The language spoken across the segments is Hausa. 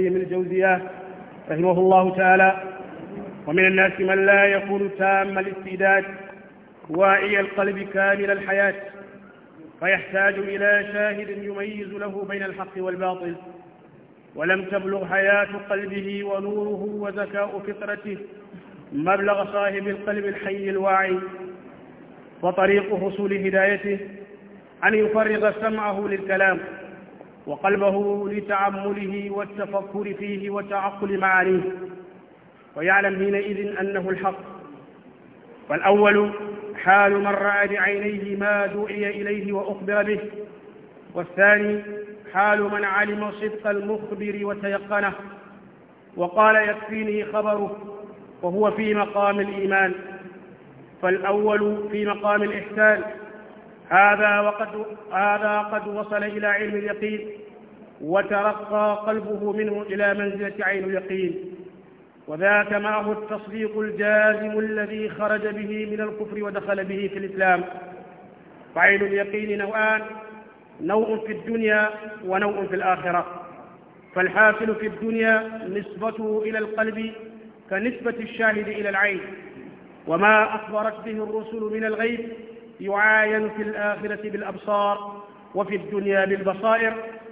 من الجوزية رحمه الله تعالى ومن الناس من لا يكون تام الاستعداد واعي القلب كامل الحياة فيحتاج إلى شاهد يميز له بين الحق والباطل ولم تبلغ حياة قلبه ونوره وذكاء فطرته مبلغ صاحب القلب الحي الواعي وطريق حصول هدايته أن يفرغ سمعه للكلام وقلبه لتعمله والتفكر فيه وتعقل معانيه ويعلم حينئذ أنه الحق فالأول حال من رأى بعينيه ما دعي إليه وأخبر به والثاني حال من علم صدق المخبر وتيقنه وقال يكفيني خبره وهو في مقام الإيمان فالأول في مقام الإحسان هذا وقد هذا قد وصل إلى علم اليقين وترقى قلبه منه إلى منزلة عين اليقين وذاك معه التصديق الجازم الذي خرج به من الكفر ودخل به في الإسلام فعين اليقين نوعان نوع في الدنيا ونوع في الآخرة فالحافل في الدنيا نسبته إلى القلب كنسبة الشاهد إلى العين وما أخبرت به الرسل من الغيب يعاين في الآخرة بالأبصار وفي الدنيا بالبصائر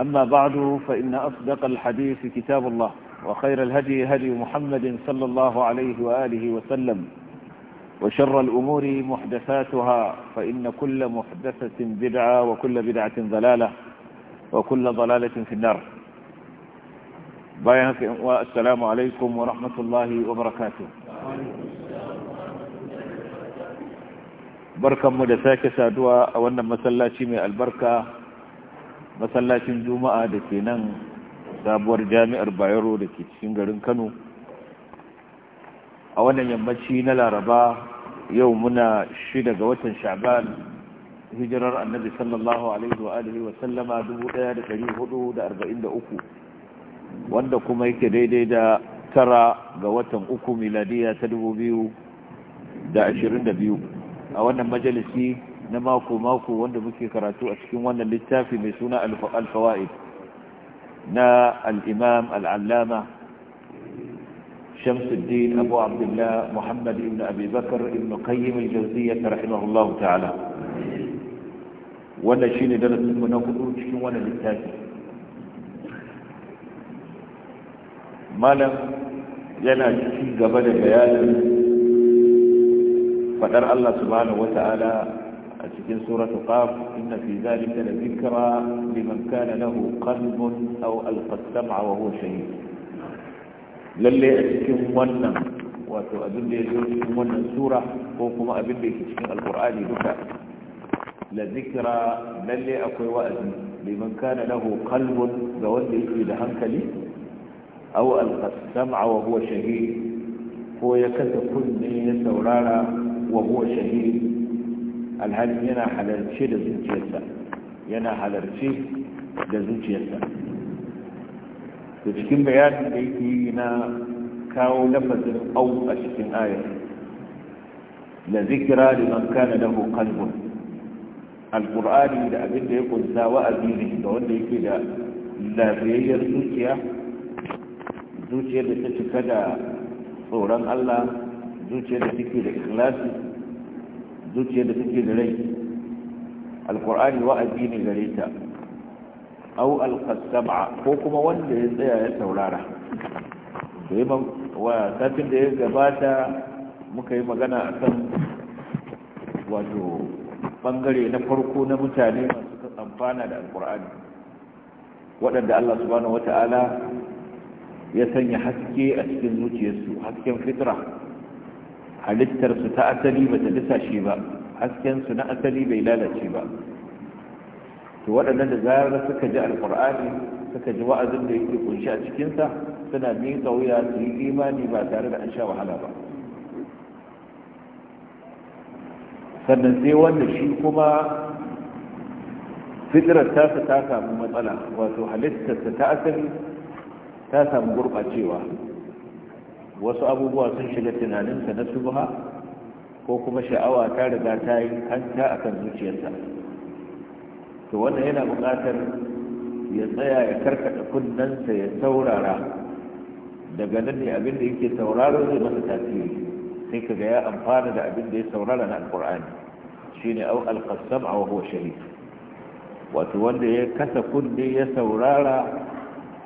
أما بعد فإن أصدق الحديث كتاب الله وخير الهدي هدي محمد صلى الله عليه وآله وسلم وشر الأمور محدثاتها فإن كل محدثة بدعة وكل بدعة ضلالة وكل ضلالة في النار والسلام عليكم ورحمة الله وبركاته بركة مدساك سادوا أولا مسلاتي من البركة masallacin juma'a da ke nan sabuwar jami'ar bayero da ke cikin garin kano a wannan yammaci na laraba yau muna shida ga watan sha'ban hijirar annabi sallallahu alaihi wa alihi wa sallama 1443 wanda kuma yake daidai da tara ga watan uku miladiya ta 2022 a wannan majalisi na mako-mako wanda muke karatu a cikin wannan littafi mai suna alfawa'id na al'imam al'allama shamsuddin abu abdullah muhammad ibn abubakar ibn qayyim al-jawziyyah rahimahullahu ta'ala wannan shine darasin mu na hudu cikin wannan littafi malam yana ci gaba da bayanin fadar Allah subhanahu ta'ala. أتكن سورة قاف إن في ذلك لذكرى لمن كان له قلب أو ألقى السمع وهو شهيد للي أتكين ونم وتؤذن لي أتكن ونم سورة وكما أبن لي أتكن القرآن لك لذكرى للي أقوى وأذن لمن كان له قلب بولي في لهنكلي أو ألقى السمع وهو شهيد هو يكتب كل من يتورارا وهو شهيد alhalin yana halarci da zuciyarsa yana halarci da zuciyarsa da cikin bayanin da yake yi na kawo lafazin au a cikin ayar la zikira liman kana lahu qalbun alqur'ani da abin da ya kunsa wa'azi ne ga wanda yake da lafiyayyar zuciya zuciyar da ta cika da tsoron Allah zuciyar da take da ikhlasi zuciyar da take da rai alkur'ani wa'azi ne gare ta au alqasaba ko kuma wanda ya tsaya ya saurara da yamma wa satin da ya gabata muka yi magana akan wato bangare na farko na mutane masu amfana da alkur'ani waɗanda Allah subhanahu wata'ala ya sanya haske a cikin zuciyarsu hasken fitra halittarsu ta asali ba ta lisashe ba haskensu na asali bai lalace ba to waɗannan da zarar suka ji alƙur'ani suka ji wa'azin da yake kunshi a cikinsa suna miƙa wuya su yi imani ba tare da an sha wahala ba sannan sai wanda shi kuma fitirar tasa ta samu matsala wato halittarsa ta asali ta samu gurɓacewa wasu abubuwa sun shiga tunaninsa na subha ko kuma sha'awa ta riga ta yi hanta a kan zuciyarsa to wannan yana buƙatar ya tsaya ya karkata kunnensa ya saurara daga nan ne abin da yake sauraro zai masa tasiri sai ka ga ya amfana da abin da ya saurara na alƙur'ani shine au alqassam a huwa shahid wato wanda ya kasa kunne ya saurara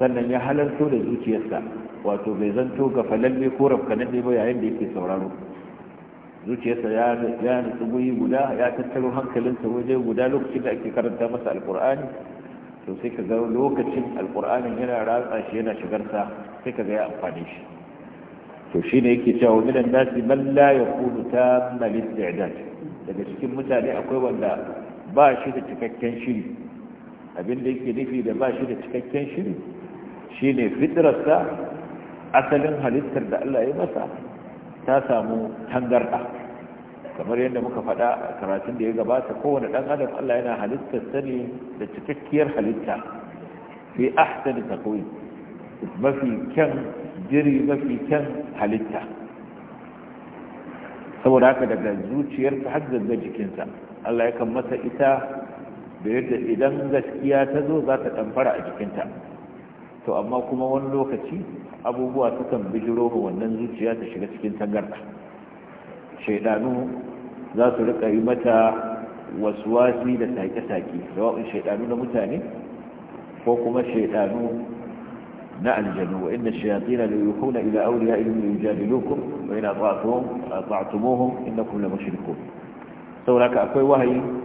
sannan ya halarto da zuciyarsa wato bai zanto ga falalle ko rafkananne ba yayin da yake sauraro zuciyarsa ya nutsu guri guda ya tattaro hankalinsa waje guda lokacin da ake karanta masa alkur'ani to sai ka ga lokacin alkur'anin yana ratsa shi yana shigarsa sai ka ga ya amfani shi to shi ne yake cewa minan nasi man la kudu ta lil-i'dad daga cikin mutane akwai wanda ba shi da cikakken shiri abin da yake nufi da ba shi da cikakken shiri shi ne fitrarsa asalin halittar da Allah ya masa ta samu tangarɗa kamar yadda muka faɗa a karatun da ya gabata kowane ɗan adam Allah yana halittar sani da cikakkiyar halitta fi ahsani taqwim mafi kyan jiri mafi kyan halitta saboda haka daga zuciyarsa har zanga jikinsa Allah ya kan masa ita da yadda idan gaskiya ta zo za ta ɗamfara a jikinta to amma kuma wani lokaci abubuwa sukan bijiro ga wannan zuciya ta shiga cikin tangarda shaidanu za su rika yi mata wasuwasi da take-take sawa'un shaidanu na mutane ko kuma shaidanu na aljanu wa inna shayatina la yuhuna ila awliya'ihim yujadilukum wa in ata'tumuhum ata'tumuhum innakum la mushrikun saboda akwai wahayi